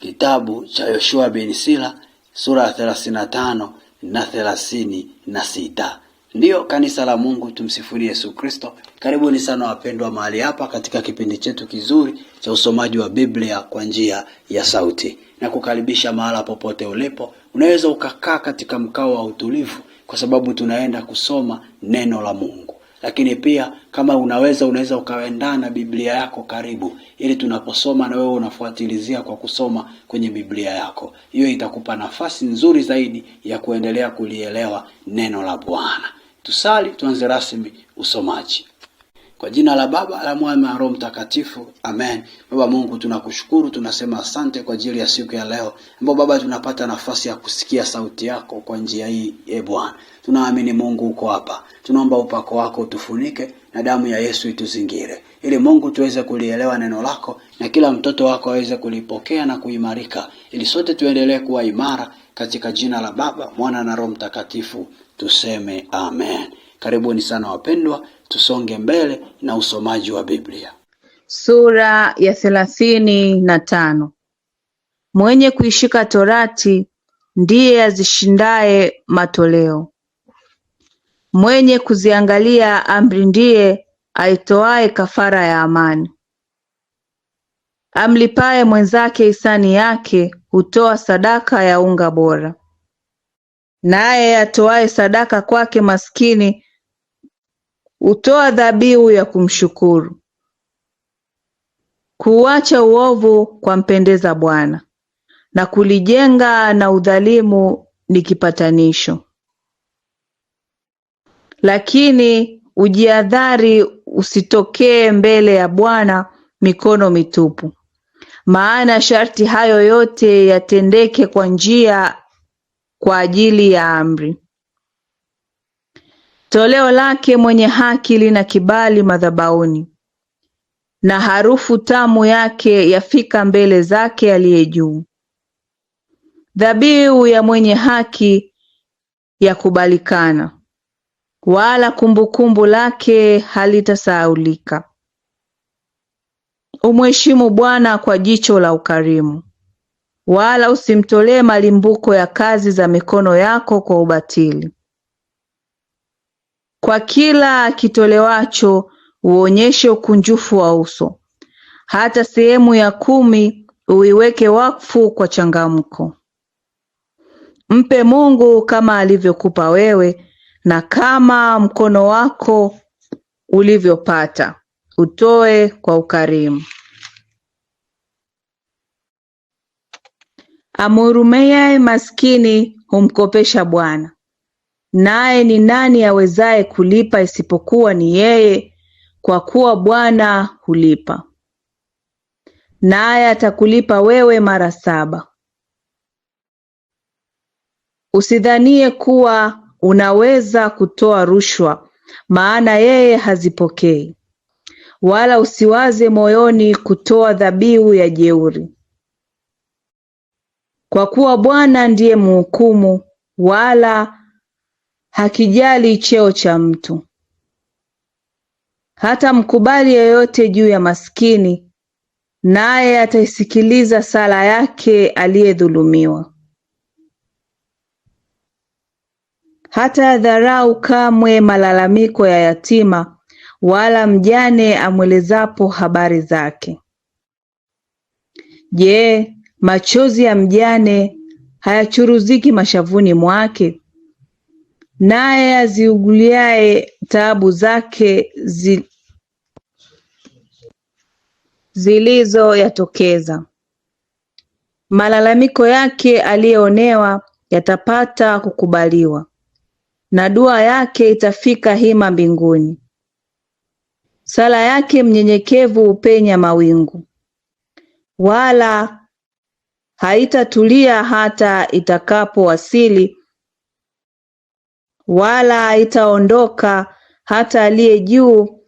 Kitabu cha Yoshua bin Sira sura ya thelathini na tano na thelathini na sita. Ndiyo kanisa la Mungu, tumsifuni Yesu Kristo. Karibuni sana wapendwa mahali hapa katika kipindi chetu kizuri cha usomaji wa Biblia kwa njia ya sauti, na kukaribisha mahala popote ulipo. Unaweza ukakaa katika mkao wa utulivu, kwa sababu tunaenda kusoma neno la Mungu lakini pia kama unaweza unaweza ukaendana na Biblia yako karibu, ili tunaposoma na wewe unafuatilizia kwa kusoma kwenye Biblia yako. Hiyo itakupa nafasi nzuri zaidi ya kuendelea kulielewa neno la Bwana. Tusali, tuanze rasmi usomaji. Kwa jina la Baba la Mwana na Roho Mtakatifu, amen. Baba Mungu, tunakushukuru, tunasema asante kwa ajili ya siku ya leo, ambapo Baba tunapata nafasi ya kusikia sauti yako kwa njia hii. E Bwana, tunaamini Mungu uko hapa, tunaomba upako wako utufunike na damu ya Yesu ituzingire, ili Mungu tuweze kulielewa neno lako na kila mtoto wako aweze kulipokea na kuimarika, ili sote tuendelee kuwa imara, katika jina la Baba, Mwana na Roho Mtakatifu tuseme amen. Karibuni sana wapendwa tusonge mbele na usomaji wa Biblia. Sura ya thelathini na tano. Mwenye kuishika torati ndiye azishindaye matoleo. Mwenye kuziangalia amri ndiye aitoaye kafara ya amani. Amlipaye mwenzake hisani yake hutoa sadaka ya unga bora. Naye atoaye sadaka kwake maskini hutoa dhabihu ya kumshukuru. Kuuacha uovu kwa mpendeza Bwana, na kulijenga na udhalimu ni kipatanisho. Lakini ujiadhari usitokee mbele ya Bwana mikono mitupu, maana sharti hayo yote yatendeke kwa njia kwa ajili ya amri Toleo lake mwenye haki lina kibali madhabauni na harufu tamu yake yafika mbele zake aliye juu. Dhabihu ya mwenye haki yakubalikana, wala kumbukumbu lake halitasahaulika. Umheshimu Bwana kwa jicho la ukarimu, wala usimtolee malimbuko ya kazi za mikono yako kwa ubatili. Kwa kila kitolewacho uonyeshe ukunjufu wa uso, hata sehemu ya kumi uiweke wakfu kwa changamko. Mpe Mungu kama alivyokupa wewe na kama mkono wako ulivyopata, utoe kwa ukarimu. Amhurumiaye maskini humkopesha Bwana, naye ni nani awezaye kulipa isipokuwa ni yeye? Kwa kuwa Bwana hulipa, naye atakulipa wewe mara saba. Usidhanie kuwa unaweza kutoa rushwa, maana yeye hazipokei, wala usiwaze moyoni kutoa dhabihu ya jeuri, kwa kuwa Bwana ndiye mhukumu, wala hakijali cheo cha mtu. hata mkubali yeyote juu ya maskini, naye ataisikiliza sala yake aliyedhulumiwa. hata dharau kamwe malalamiko ya yatima, wala mjane amwelezapo habari zake. Je, machozi ya mjane hayachuruziki mashavuni mwake? Naye aziuguliaye taabu zake zilizoyatokeza, malalamiko yake aliyeonewa yatapata kukubaliwa, na dua yake itafika hima mbinguni. Sala yake mnyenyekevu hupenya mawingu, wala haitatulia hata itakapowasili wala haitaondoka hata Aliye Juu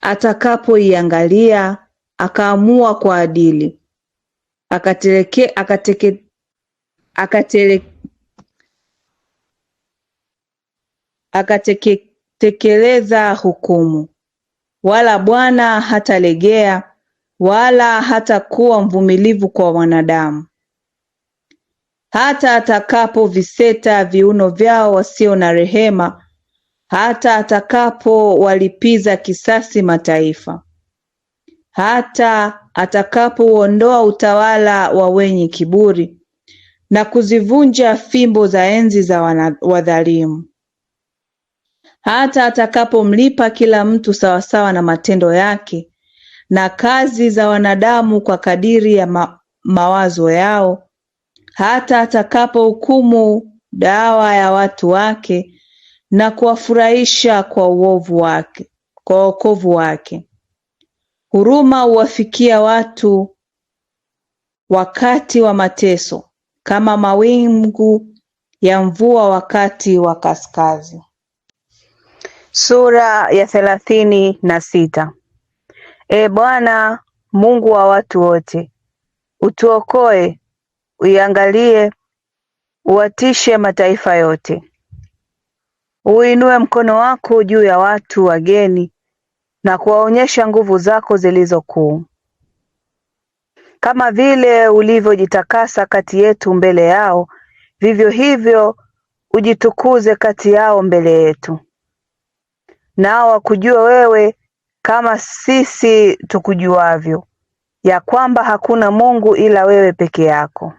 atakapoiangalia, akaamua kwa adili, akateleke, akateke, akatele, akatekeleza hukumu. Wala Bwana hatalegea wala hatakuwa mvumilivu kwa wanadamu hata atakapoviseta viuno vyao wasio na rehema, hata atakapowalipiza kisasi mataifa, hata atakapouondoa utawala wa wenye kiburi na kuzivunja fimbo za enzi za wadhalimu, hata atakapomlipa kila mtu sawasawa na matendo yake na kazi za wanadamu kwa kadiri ya ma mawazo yao hata atakapohukumu dawa ya watu wake na kuwafurahisha kwa uovu wake kwa wokovu wake. Huruma huwafikia watu wakati wa mateso kama mawingu ya mvua wakati wa kaskazi. Sura ya thelathini na sita. E Bwana Mungu wa watu wote, utuokoe Uiangalie, uwatishe mataifa yote, uinue mkono wako juu ya watu wageni na kuwaonyesha nguvu zako zilizo kuu, kama vile ulivyojitakasa kati yetu mbele yao, vivyo hivyo ujitukuze kati yao mbele yetu, nao wakujue wewe kama sisi tukujuavyo, ya kwamba hakuna Mungu ila wewe peke yako.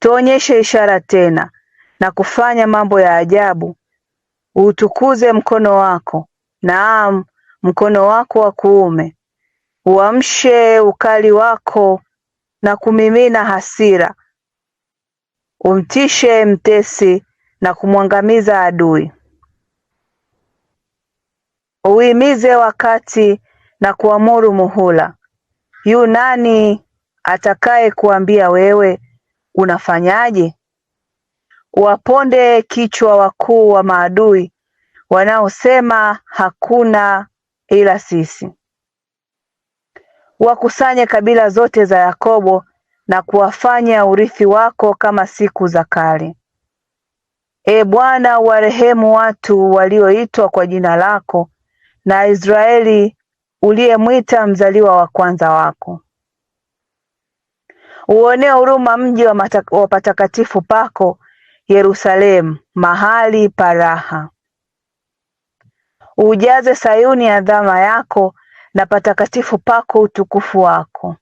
Tuonyeshe ishara tena, na kufanya mambo ya ajabu. Uutukuze mkono wako, naam, mkono wako wa kuume, uamshe ukali wako na kumimina hasira, umtishe mtesi na kumwangamiza adui. Uhimize wakati na kuamuru muhula. Yu nani atakaye kuambia wewe? unafanyaje? Waponde kichwa wakuu wa maadui wanaosema hakuna ila sisi. Wakusanye kabila zote za Yakobo na kuwafanya urithi wako kama siku za kale. e Bwana, warehemu watu walioitwa kwa jina lako na Israeli uliyemwita mzaliwa wa kwanza wako. Uonee huruma mji wa patakatifu pako Yerusalemu, mahali pa raha. sayuni Sayuni adhama yako, na patakatifu pako utukufu wako.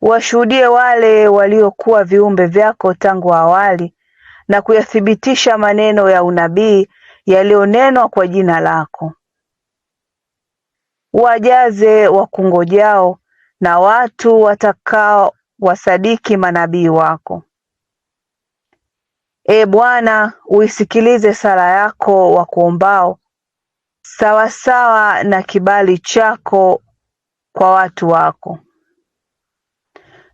washuhudie wale waliokuwa viumbe vyako tangu awali, na kuyathibitisha maneno ya unabii yaliyonenwa kwa jina lako. wajaze wakungojao na watu watakaowasadiki manabii wako. e Bwana, uisikilize sala yako wakuombao, sawasawa na kibali chako kwa watu wako.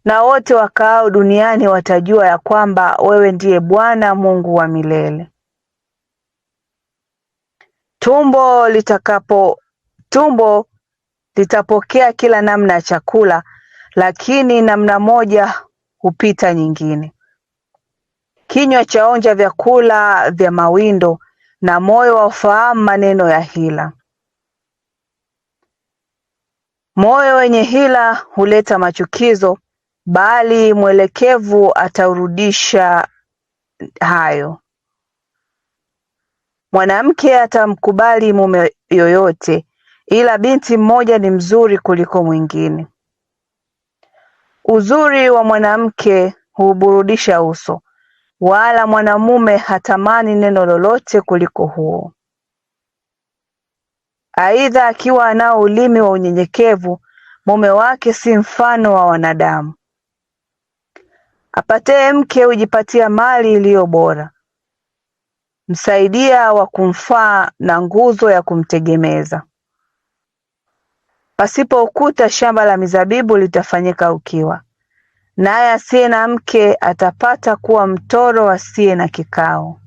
Na wote wakaao duniani watajua ya kwamba wewe ndiye Bwana Mungu wa milele. Tumbo litakapo tumbo litapokea kila namna ya chakula, lakini namna moja hupita nyingine. Kinywa chaonja vyakula vya mawindo, na moyo wa ufahamu maneno ya hila. Moyo wenye hila huleta machukizo, bali mwelekevu ataurudisha hayo. Mwanamke atamkubali mume yoyote, ila binti mmoja ni mzuri kuliko mwingine. Uzuri wa mwanamke huuburudisha uso, wala mwanamume hatamani neno lolote kuliko huo. Aidha, akiwa anao ulimi wa unyenyekevu, mume wake si mfano wa wanadamu. apatee mke hujipatia mali iliyo bora, msaidia wa kumfaa na nguzo ya kumtegemeza. Pasipo ukuta shamba la mizabibu litafanyika ukiwa, naye asiye na mke atapata kuwa mtoro asiye na kikao.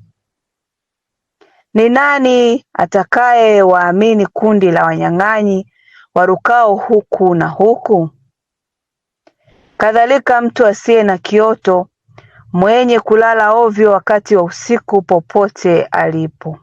Ni nani atakaye waamini kundi la wanyang'anyi warukao huku na huku? Kadhalika mtu asiye na kioto, mwenye kulala ovyo wakati wa usiku, popote alipo.